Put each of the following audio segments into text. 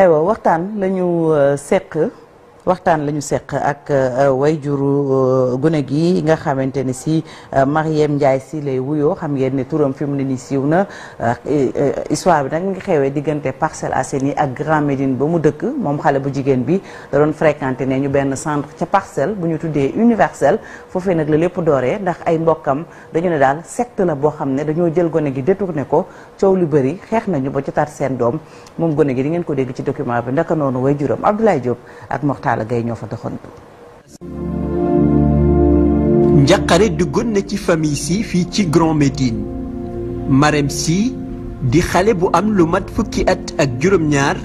aywa waxtaan la ñu euh, seq waxtaan la ñu seq ak way euh, wayjuru euh, gone gi nga xamante ni si euh, Mariem Ndiaye si lay wuyoo xam ngeen ne turam fi mu ne nii siiw na histoire bi nag mu ngi xewee diggante Parcelles Assainies ak Grand Médine ba mu dëkk moom xale bu jigéen bi da doon fréquenté ne ñu benn centre ca parcelle bu ñu tuddee universel foofee nag la lépp dooree ndax ay mbokkam dañu ne daal secte la boo xam ne dañoo jël gone gi détourné ko coow lu bëri xeex nañu ba jotaat seen doom moom gone gi di ngeen ko dégg ci document bi ndaka noonu wayjuram Abdoulaye Diop ak Mokhtar Talla Gaye ñoo fa doxantu. njaqare duggoon na ci famille si fii ci Grand Médine Marème si di xale bu am lu mat fukki at ak juróom-ñaar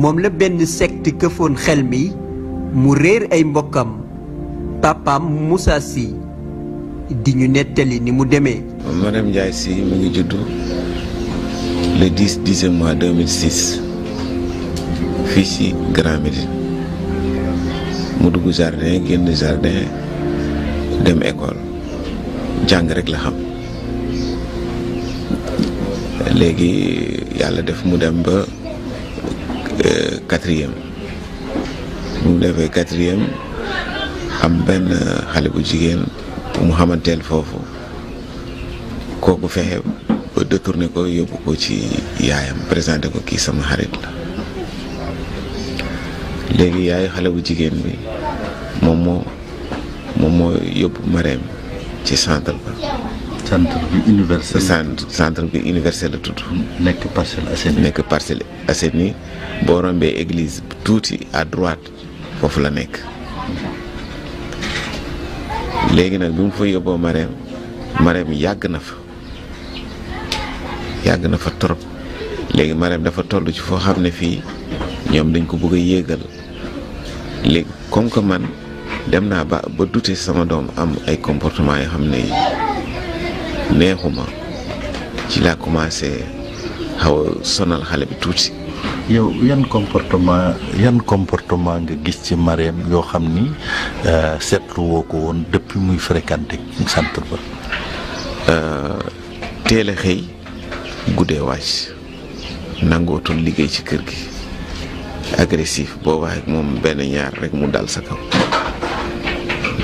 moom la benn secte këfoon xel mi mu réer ay mbokkam papaam Moussa si di ñu nettali ni mu demee. Marème Ndiaye si mu ngi juddu le 10 10 mois 2006 fii ci Grand Médine. mu dugg jardin génn jardin dem école jàng rek la xam léegi yàlla def mu dem ba euh, quatrième mu defee quatrième am benn xale bu jigéen mu xamanteel foofu kooku fexe ba détourné ko yóbbu ko ci yaayam présenté ko kii sama xarit la léegi yaay xale bu jigéen bi moom moo moom moo yóbbu mareem ci centre ba. centre bi universel. centre bi universel la tudd. nekk Parcelles Assainies. nekk Parcelles Assainies boo rombee église tuuti à droite foofu la nekk. léegi nag bi mu fa yóbboo mareem mareem yàgg na fa yàgg na fa trop léegi mareem dafa toll ci foo xam ne fii ñoom dañ ko bëgg a yéegal. léegi comme que man dem naa ba ba dute sama doom am ay comportement yoo xam ne neexuma ci laa commencé xaw sonal xale bi tuuti. yow yan comportement yan comportement nga gis ci Marème yoo xam ni euh, seetlu woo ko woon dëpp muy fréquenté centre ba. Euh, teel a xëy guddee wàcc nangootul liggéey ci kër gi. agresif boo wax ak mom ben ñaar rek mu dal sa kaw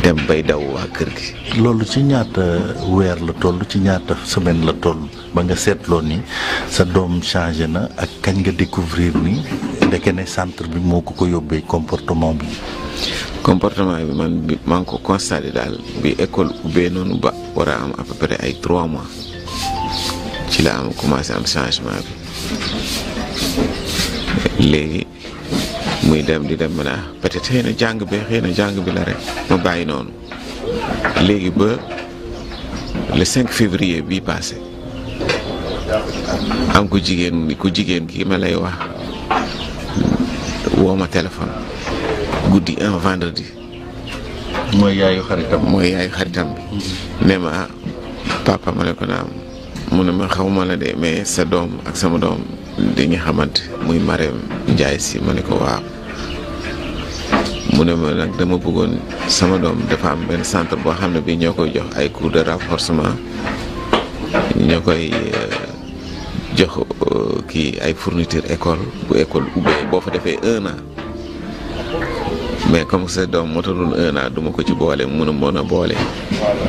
dem bay daw wa kër gi lolu ci ñaata weer la tollu ci ñaata semaine la toll ba nga seetloo ni sa dom changé na ak kañ nga découvrir ni ndeke ne centre bi moko ko ko comportement bi comportement bi man bi man ko constaté dal bi école ubbee nonu ba wara am à peu près ay 3 mois ci la am commencé am changement bi légui muy dem di dem mën a peut-être xëy na jàng bi xëy na jàng bi la rek ma bàyyi noonu léegi ba le 5 février bii passé am ku jigéen ku jigéen kii ma lay wax woo ma téléphone guddi un vendredi. mooy yaayu xaritam bi. Mm-hmm. ne ma papa ma ne ko naam mu ne ma xaw ma la de mais sa doom ak sama doom dañuy xamante muy Marème Ndiaye si ma ne ko waaw. mu ne ma nag dama bëggoon sama doom dafa am benn centre boo xam ne bii ñoo koy jox ay cours de renforcement ñoo koy euh, jox euh, kii ay fourniture école bu école ubbee boo fa defee un mais comme sa doom matalul un an duma ko ci boole mun a mën a boole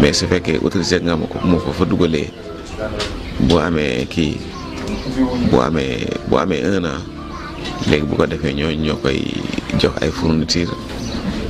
mais su fekkee autorisé nga ma ko mu ko fa dugalee boo amee kii bu amee bu amee un léegi bu ko defee ñooñu ñoo koy jox ay fourniture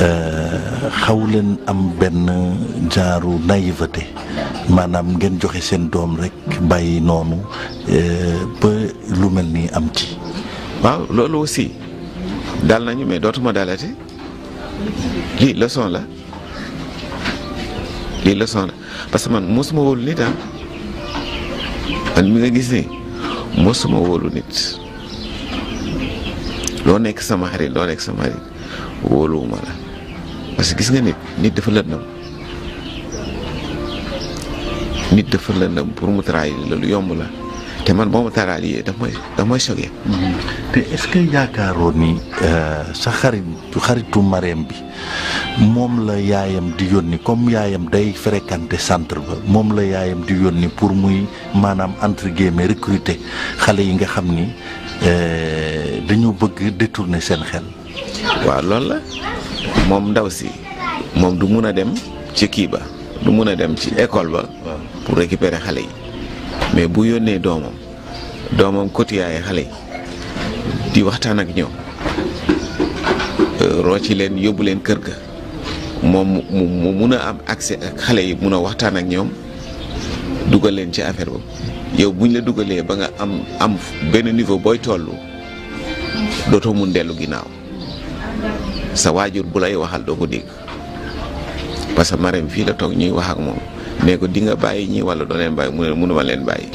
Euh, xaw leen am benn genre naïveté maanaam ngeen joxe seen doom rek bàyyi noonu euh, ba lu mel nii am ci. waaw loolu aussi dal nañu mais dootuma dalati lii leçon la lii leson la parce que man mosuma wóolu nit ah man mi nga gis ni suma wóolu nit loo nekk sama xarit loo nekk sama xarit. wóoluwuma la parce que gis nga nit nit dafa lëndëm nit dafa lëndëm pour mu trahir loolu yomb la te man boo ma trahiree daf may daf may sogee mm-hmm. te est-ce ni euh, sa xarit xaritu mareem bi moom la yaayam di yónni comme yaayam day fréquenter centre ba moom la yaayam di yónni pour muy maanaam entre guillemets recruter xale yi nga xam ni euh, dañoo bëgg détourner seen xel. waaw loolu la moom ndaw si moom du mun a dem ci kii ba du mun a dem ci école ba pour récupérer xale yi mais bu yónnee doomam doomam kotiyaay xale yi di waxtaan ak ñoom euh, rocci leen yóbbu leen kër ga moom mu mun a am accès ak xale yi mun a waxtaan ak ñoom dugal leen ci affaire ba yow buñ la dugalee ba nga am am benn niveau booy tollu dootoo mun dellu ginnaaw sa waajur bu lay waxal doo ko dégg parce que Marème fii la toog ñuy wax ak moom ne ko di nga bàyyi ñi wala doo leen bàyyi mu ne mënuma leen bàyyi.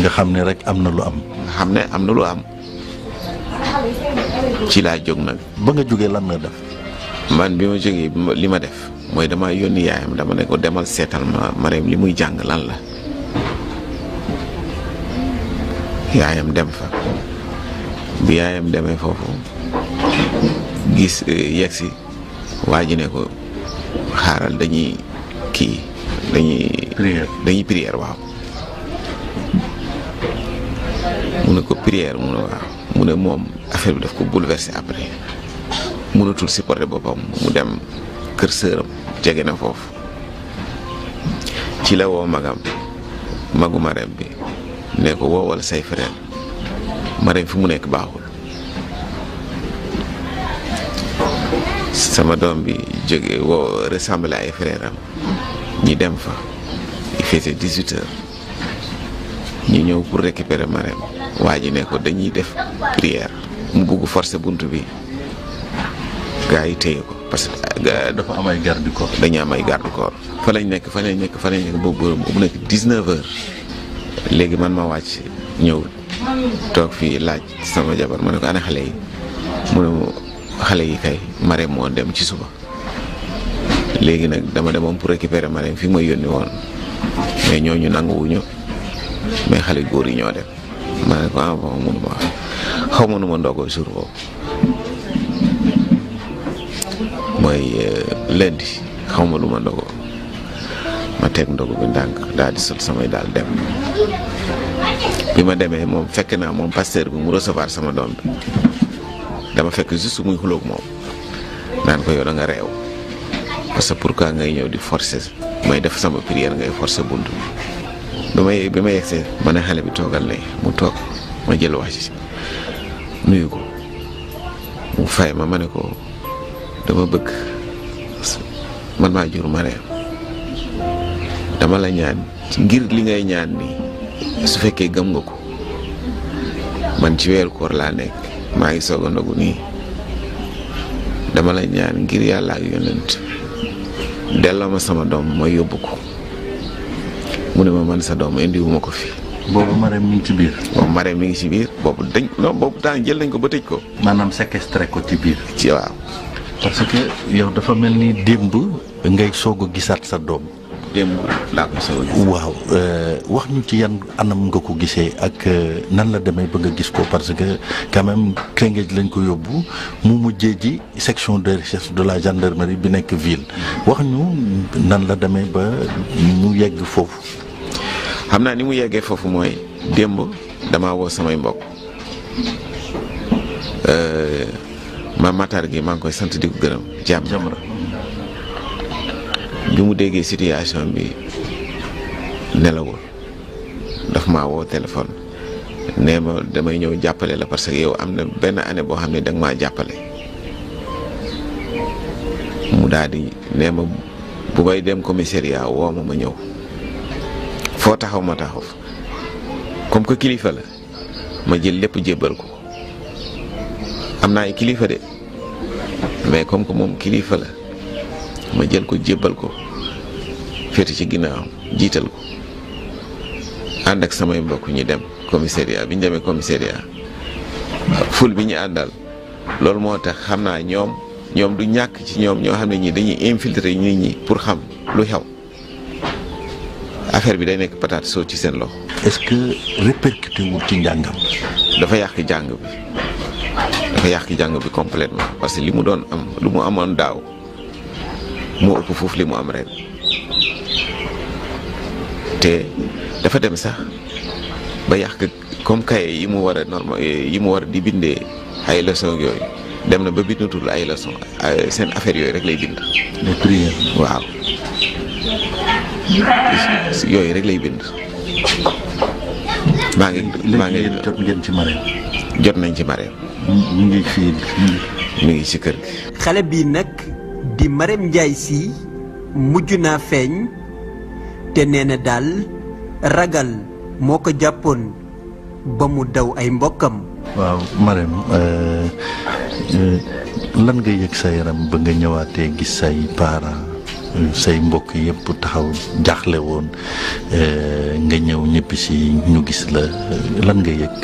nga xam ne rek am na lu am. nga xam ne am na lu am ci laa jóg nag. ba nga jógee lan nga def. man bi ma jógee li ma def mooy dama yónni yaayam dama ne ko demal seetal ma Marème li muy jàng lan la yaayam dem fa bi yaayam demee foofu. gis eh, yegg waa ji ne ko xaaral dañuy kii dañuy. prière dañuy prière waaw. mu ne ko prière mu ne waaw mu ne moom affaire bi daf ko bouleversé après si supporter boppam mu dem kër sëram jege na foofu ci la woo magam magu Marème bi ne ko woowal say frère Marème fi mu nekk baaxul. sama doom bi jóge woo ressemblé ay frère am ñi dem fa il faisait dix-huit heures ñu ñëw pour récupérer ma waa ji ne ko dañuy def prière mu bugg forcer bunt bi gars yi téye ko parce que euh, dafa am ay garde corps dañu am ay garde corps fa lañ nekk fa lañ nekk fa lañ nekk boobu bu nekk dix-neuf heures léegi man ma wàcc ñëw toog fii laaj sama jabar ma ne ko ana xale yi mu xale yi kay Marème moo dem ci suba léegi nag dama demoon pour récupérer Marème fi ma yónni woon mais ñooñu nanguwuñu mais xale góor yi ñoo dem ma ne ko ah bon mënuma xaw ma nu ma ndogo jour boobu mooy euh, lundi xaw ma lu ma ndogo ma teg ndogo bi ndànk daal di sol samay daal dem bi ma demee moom fekk naa moom pasteur bi mu recevoir sama doom bi. dama fekk juste muy xuloog moom naan ko yow da nga réew parce que pourquoi ngay ñëw di forcer may def sama prière ngay forcer bunt bi may bi ma yegsee ma ne xale bi toogal ne mu toog ma jël wax ci nuyu ko mu fay ma ma ne ko dama bëgg man maa jur Mariam dama la ñaan ngir li ngay ñaan ni su fekkee gëm nga ko man ci weeru koor laa nekk maa ngi soog a nii dama la ñaan ngir yàlla ak yonent delloo ma sama doom ma yóbbu ko mu ne ma man sa doom indiwuma ko fi. boobu Marème mi ngi ci biir. boobu Marème mi ngi ci biir boobu dañ non boobu jël nañ ko ba tëj ko. maanaam séquestré ko ci biir. waaw. parce que yow dafa mel ni démb ngay soog a gisaat sa doom. démb laa ko soog waaw euh, wax ñu ci yan anam nga ko gisee ak euh, nan la demee ba nga gis ko parce que quand même lañ ko yóbbu mu mujjee ji section de recherche de la gendarmerie bi nekk ville wax ñu nan la demee ba mu yegg foofu. xam naa ni mu yeggee foofu mooy démb damaa woo samay mbokk euh, ma matar gi maa ngi koy sant di ko gërëm jàmm. bi mu déggee situation bi nelawul daf maa woo téléphone nee ma damay ñëw jàppale la parce que yow am na benn année boo xam ne danga maa jàppale mu daal di nee ma bu bay dem commissariat woo ma ma ñëw foo taxaw ma taxaw comme que kilifa la ma jël lépp jébbal ko am naa ay kilifa de mais comme que moom kilifa la. ma jël ko jébbal ko féete ci ginnaawam jiital ko ànd ak samay mbokk ñu dem commissariat bi ñu demee commissariat ful bi ñu àndal loolu moo tax xam naa ñoom ñoom du ñàkk ci ñoom ñoo xam ne ñi dañuy infiltrer nit ñi pour xam lu xew affaire bi day nekk patate soo ci seen loxo. est-ce que répercuté ci njàngam. dafa yàq jàng bi dafa yàq jàng bi complètement parce que li mu doon am lu mu amoon daaw. moo ëpp foofu li mu am ren te dafa dem sax ba yàq comme kaye yi mu war a normal yi mu war a di bindee ay leçon yooyu dem na ba bindatul ay leçon seen affaire yooyu rek lay bind. yooyu rek lay bind. maa ngi maa ngi jot jot nañ ci Marème. mu ngi fii ci kër gi. xale bii nag. di Marème Ndiaye Sy mujj naa feeñ te nee na daal ragal moo ko jàppoon ba mu daw ay mbokkam. waaw Marème euh, euh, lan nga yëg sa yaram ba nga ñëwaatee gis say parents euh, say mbokk yëpp taxaw jaaxle woon nga ñëw ñépp si ñu gis la lan nga yëg.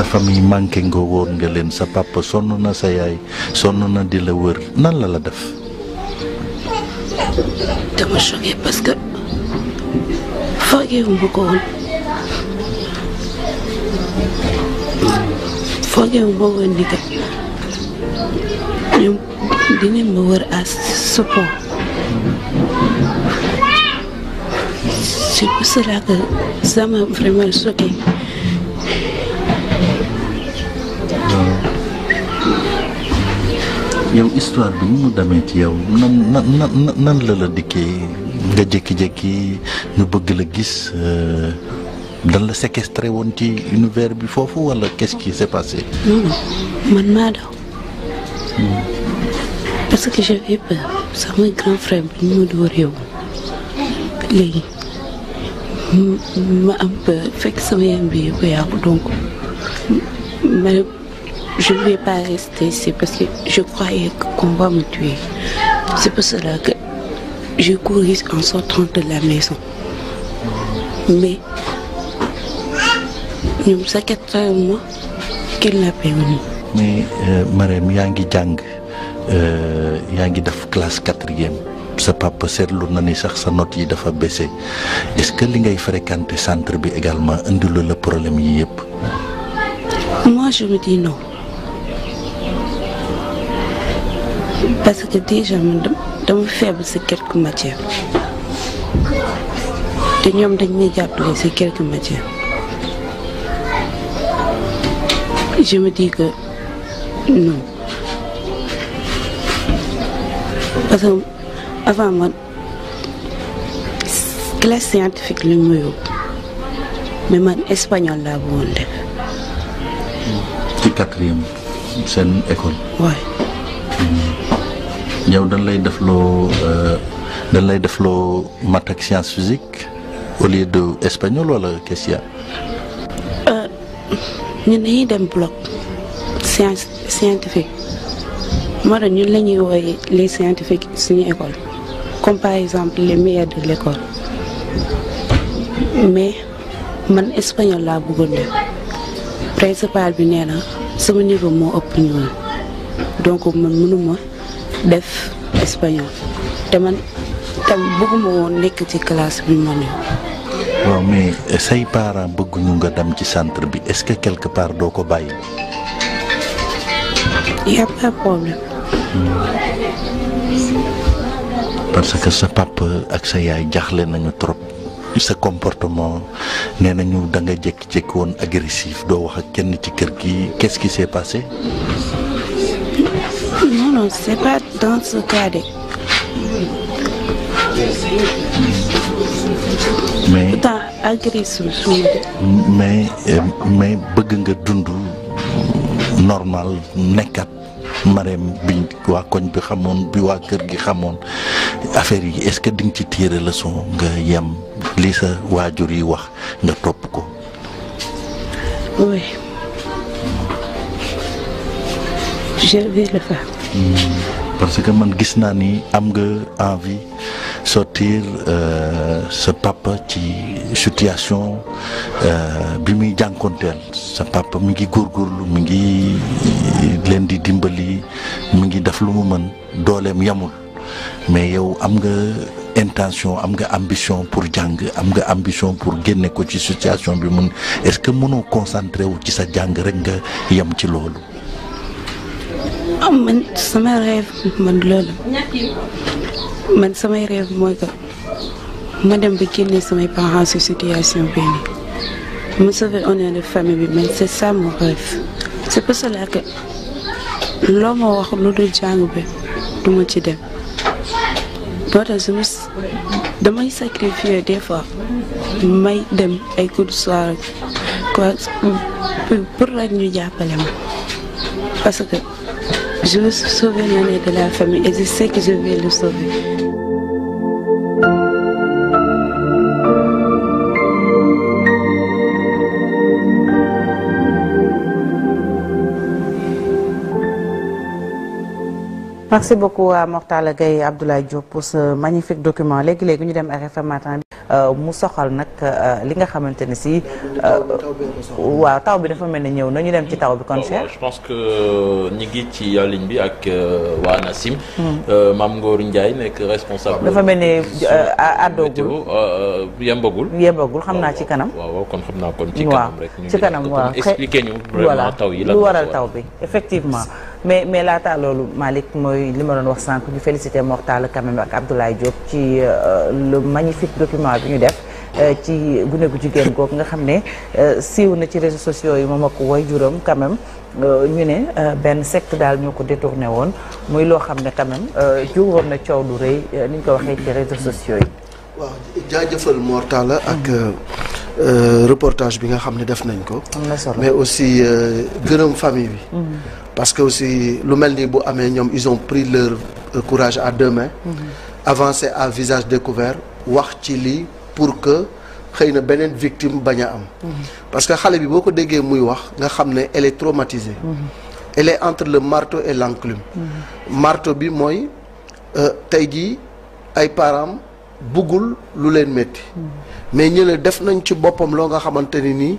sa famille manqué nga woon nga leen sa papa sonn na sa yaay sonn na di la wër nan la la def. dama choqué parce que foogeewuma ko woon foogeewuma woon ni que ñoom dinañ wër à ce point c'est pour cela que ça m'a yow histoire bi ni mu demee ci yow nan nan nan la la dikkee nga jékki-jékki ñu bëgg la gis euh, dan la séquestré woon ci univers bi foofu wala qu'est-ce qui s'est passé. man maa daw. parce que j'avais peur sama grand frère bi ñu ma door yow léegi ma am fekk sama yaram bi yëpp yàqu donc ma. je ne vais pas rester ici parce que je croyais qu'on va me tuer. C'est pour cela que je couris en sortant de la maison. Mais nous, ça quatre mois qu'elle qu'il pas mais ma Mais yangi Jang, euh, ngi euh, classe quatrième sa papa possible, na ni sa note est-ce que li ngay fréquenter centre bi également indilu le problème moi je me dis non. parce que déjà man dama faible si quelques matières te ñoom dañ may jàppale si quelques matières je me dis que non parce que avant man classe scientifique le mieux, mais mon espagnol là, bëggoon def. ci quatrième école. Ouais. Mm yow dañ lay def loo euh, dañ lay def loo maths science physique au lieu de espagnol wala qu'est-ce qu'il y a. Euh, ñun dañuy dem bloc science scientifique moo tax ñun la les scientifiques suñu école comme par exemple les meilleurs de l'école mais man espagnol laa bëggoon def principal bi nee na sama niveau moo ëpp donc man mënuma def espagnol té man tam bëgguma woon nek ci classe bi ma ñëw waaw mais euh, say parents bëggu ñu nga dam ci centre bi est ce que quelque part do ko bàyyi y a pas problème hmm. parce que sa papa ak sa yaay jaxlé nañu trop sa comportement nee nañu da nga jékki-jékki woon agressif doo wax ak kenn ci kër gi qu'est ce qui s'est passé non, c'est pas dans ce cadre. mais pourtant agressé mais mais normal nekat marem bi waa koñ bi xamoon bi waa kër gi xamoon affaire yi est ce que di ci tirer leçon nga li sa yi wax nga ko oui je vais le faire parce que man gis naa ni am nga envie sortir euh, sa papa ci situation euh, bi muy jànkoonteel sa papa mi ngi lu mi ngi leen di dimbali mu ngi def lu mu mën dooleem yamul mais yow am nga intention am nga ambition pour jàng am nga ambition pour génne ko ci situation bi mun est-ce que mënoo concentré wu ci sa jàng rek nga yem ci loolu. ah man sama rêve man loolu man samay rêve mooy que ma dem ba génne samay parents si situation bii nii ma sauver honneur de famille bi man c' est ça mon rêve pour cela que loo ma wax lu dul jàng bi du ma ci dem boo tax su damay sacrifier des fois may dem ay cours soir pour rek ñu jàppale ma parce Je veux sauver de la famille et je sais que je vais le sauver. Merci beaucoup à Mortal Abdoulaye Diop pour ce magnifique document Euh, mu soxal nag euh, li nga xamante ne si. Euh, waaw taw bi dafa mel ni ñëw na dem ci taw bi kon cher. je pense que ñi ngi ci ligne bi ak waa ANACIM. Hmm. Mame Ngor Ndiaye nekk responsable. dafa mel ne àddoogul yembagul. yembagul xam naa ci kanam. waaw waaw kon xam naa kon ci kanam rek. ci kanam waaw expliqué ñu vraiment taw yi lan lu waral taw bi effectivement. mais mais laataa loolu Malick mooy li ma doon wax sànq ñu félicité Mortal quand même ak Abdoulaye Diop ci euh, le magnifique document bi ñu def euh, ci gune gu jigéen googu nga xam ne euh, siiw na ci réseaux sociaux yi moom ak way juróom quand même ñu né ben secte dal ñoko détourné won moy lo xamné quand même juróom na coow lu rëy ni ko waxé ci réseaux sociaux yi. waaw jaajëfal Mortal ak. reportage bi nga xamné def nañ ko. mais aussi gërem famille bi. Mm-hmm parce que aussi lu mel nii bu ils ont pris leur euh, courage à deux mains mhm. avancé à visage découvert wax ci pour que xëy na victime bañ am mhm. parce que xalé bi boko ko muy wax nga xamné elle est traumatisée mhm. elle est entre le marteau et l'enclume marteau bi mooy euh, tey bugul ay param buggul lu len metti mais ñëla def nañ ci bopam lo nga ni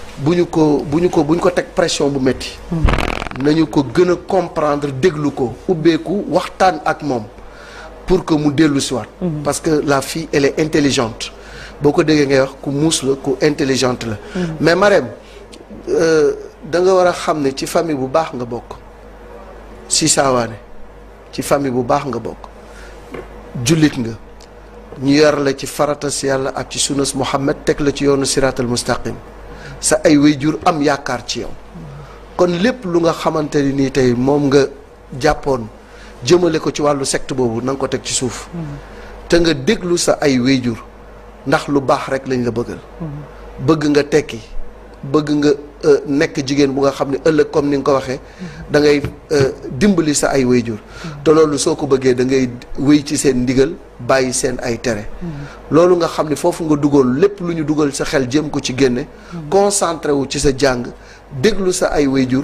bu ñu ko bu ñu ko bu ñu ko teg pression bu métti. Hmm. nañu ko gën a comprendre déglu ko ubbeeku waxtaan ak moom pour que mu dellu si hmm. parce que la fi elle est intelligente boo ko déggee ngay wax ku muus la ku intelligente la. Hmm. mais Marème euh, da nga war a xam ne ci famille bu baax nga bokk si saawaane ci famille bu baax nga bokk jullit nga. ñu yar la ci farata si yàlla ak ci sunnas Muhammad teg la ci yoonu siraatal mustaqim sa ay waajur am yaakaar ci yow kon lépp lu nga xamante ni nii tey moom nga jàppoon jëmale ko ci wàllu secte boobu nanga ko teg ci suuf te nga déglu sa ay waajur ndax lu baax rek lañ la bëggal mm-hmm. bëgg nga tekki bëgg nga euh, nekk jigéen bu nga xam ne ëllëg comme ni nga ko waxee mhm. da ngay euh, dimbali sa ay wayjur mhm. te loolu soo ko bëggee da ngay wéy ci seen ndigal bàyyi seen ay tere mhm. loolu nga xam ne foofu nga dugal lépp lu ñu dugal sa xel jëm ko ci génne concentré wu ci sa jàng déglu sa ay wayjur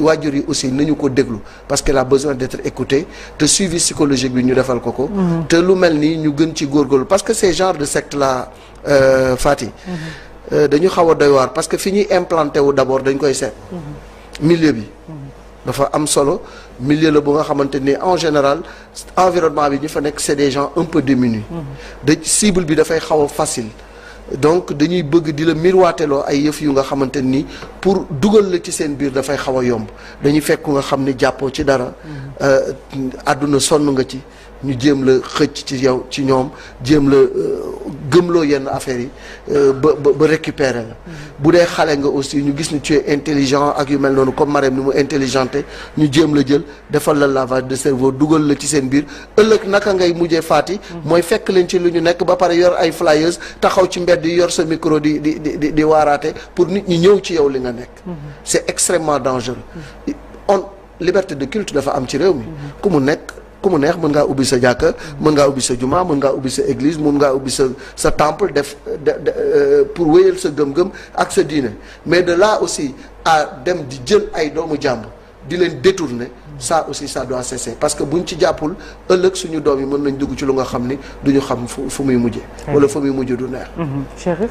waajur yi aussi nañu ko déglu parce que la besoin d'être écouté te suivi psychologique bi ñu defal ko ko te lu mel nii ñu gën ci góorgóorlu parce que ces genre de secte là euh, Fati euh, dañu xaw a doy waar parce que fi ñuy implanté wu d' abord dañ koy seet. Mhm. milieu bi. Mhm. dafa am solo milieu la bu nga xamante ni en général environnement bi ñu fa nekk c' est des gens un peu diminués. Mhm. de cible bi dafay xaw a facile. donc dañuy bëgg di la miroiteloo ay yëf yu nga xamante ni pour dugal la ci seen biir dafay xaw a yomb dañuy fekk nga xam ne jàppoo ci dara. Euh, àdduna sonn nga ci ñu disons le xëcc ci yow ci ñom le de yenn yi euh, ba récupérer la mm-hmm. aussi ñu gis ni intelligent ak yu mel comme mu intelligente ñu la jël la lavage de cerveau le ci sen bir le naka ngay mujjé fati moy mm-hmm. fekk leen ci lu ñu ba yor ay flyers taxaw ci yor micro di di di pour nit ñi ñëw ci yow li mm-hmm. c'est extrêmement dangereux on liberté de culte dafa am ci mi ku mu neex mën nga ubbi sa jàkka mën nga ubbi sa juma mën nga ubbi sa église mën nga ubbi sa sa temple def euh, pour wéyal sa gëm-gëm ak sa diiné mais de là aussi à dem di jël ay doomu jàmbur di leen détourner ça aussi ça doit cesser parce que buñ ci jappul ëlëk suñu doomi mën nañ dugg ci lu nga xamni duñu xam fu muy mujjé wala fu muy mujjé du neex mhm. cheikh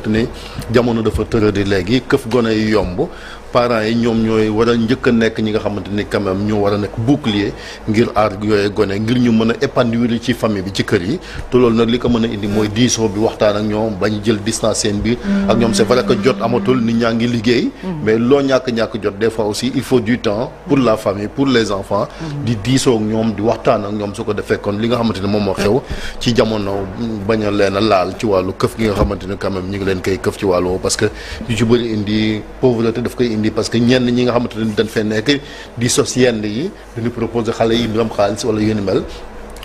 xamante ni jamono dafa tëradi léegi këf gone yi yomb parents yi ñoom ñooy war a njëkk a nekk ñi nga xamante ni quand même ñoo war a nekk bouclier ngir aar yooyu gone ngir ñu mën a épanouir ci famille bi ci kër yi te nag li ko mën a indi moom moo xew ci jamono bañ a a laal ci wàllu këf gi nga xamante ne ñu ngi leen këf ci wàllu parce que yu ci bëri indi pauvreté daf koy indi indi parce que ñenn ñi nga xamante ne dañ fee nekk di sos yenn yi dañu proposer xale yi ñu am xaalis wala yu ni mel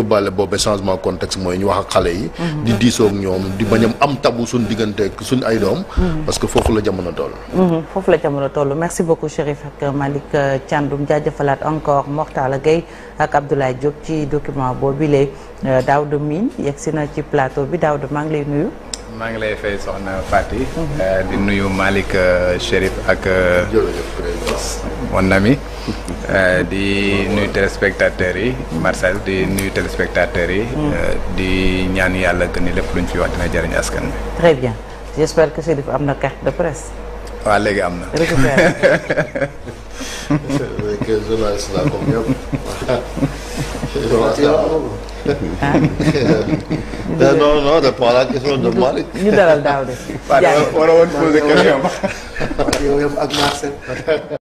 yóbbaale boobu changement contexte mooy ñu wax ak xale yi. Mhm. di diisoo ak ñoom di bañ am tabu suñ diggante ak suñ ay doom. Mhm. parce que foofu la jamono toll. Mhm. foofu la jamono toll merci beaucoup Chérif ak Malick euh, Thiandoum jaajëfalaat encore Mortala Gueye ak Abdoulaye Diop ci document boobu bi lee euh, Daouda Mine yegg na ci plateau bi Daouda maa ngi lay nuyu. maa ngi lay fay soxna Fati. Eh, di nuyu Malick eh, Chérif ak. Eh, mon ami. di nuyu téléspectateurs yi. Marcel di nuyu téléspectateurs yi. Hmm. di ñaan yàlla gën ni lépp luñ fi wax dina jëriñ askan bi très bien j'espère que Chérif am na carte de presse. waaw léegi am na. ah. non eh, non répondre à la question de Malick. ñu dalal daaw de. jaajëf waaw dama waroon poser question. yow yëpp ak Marcel.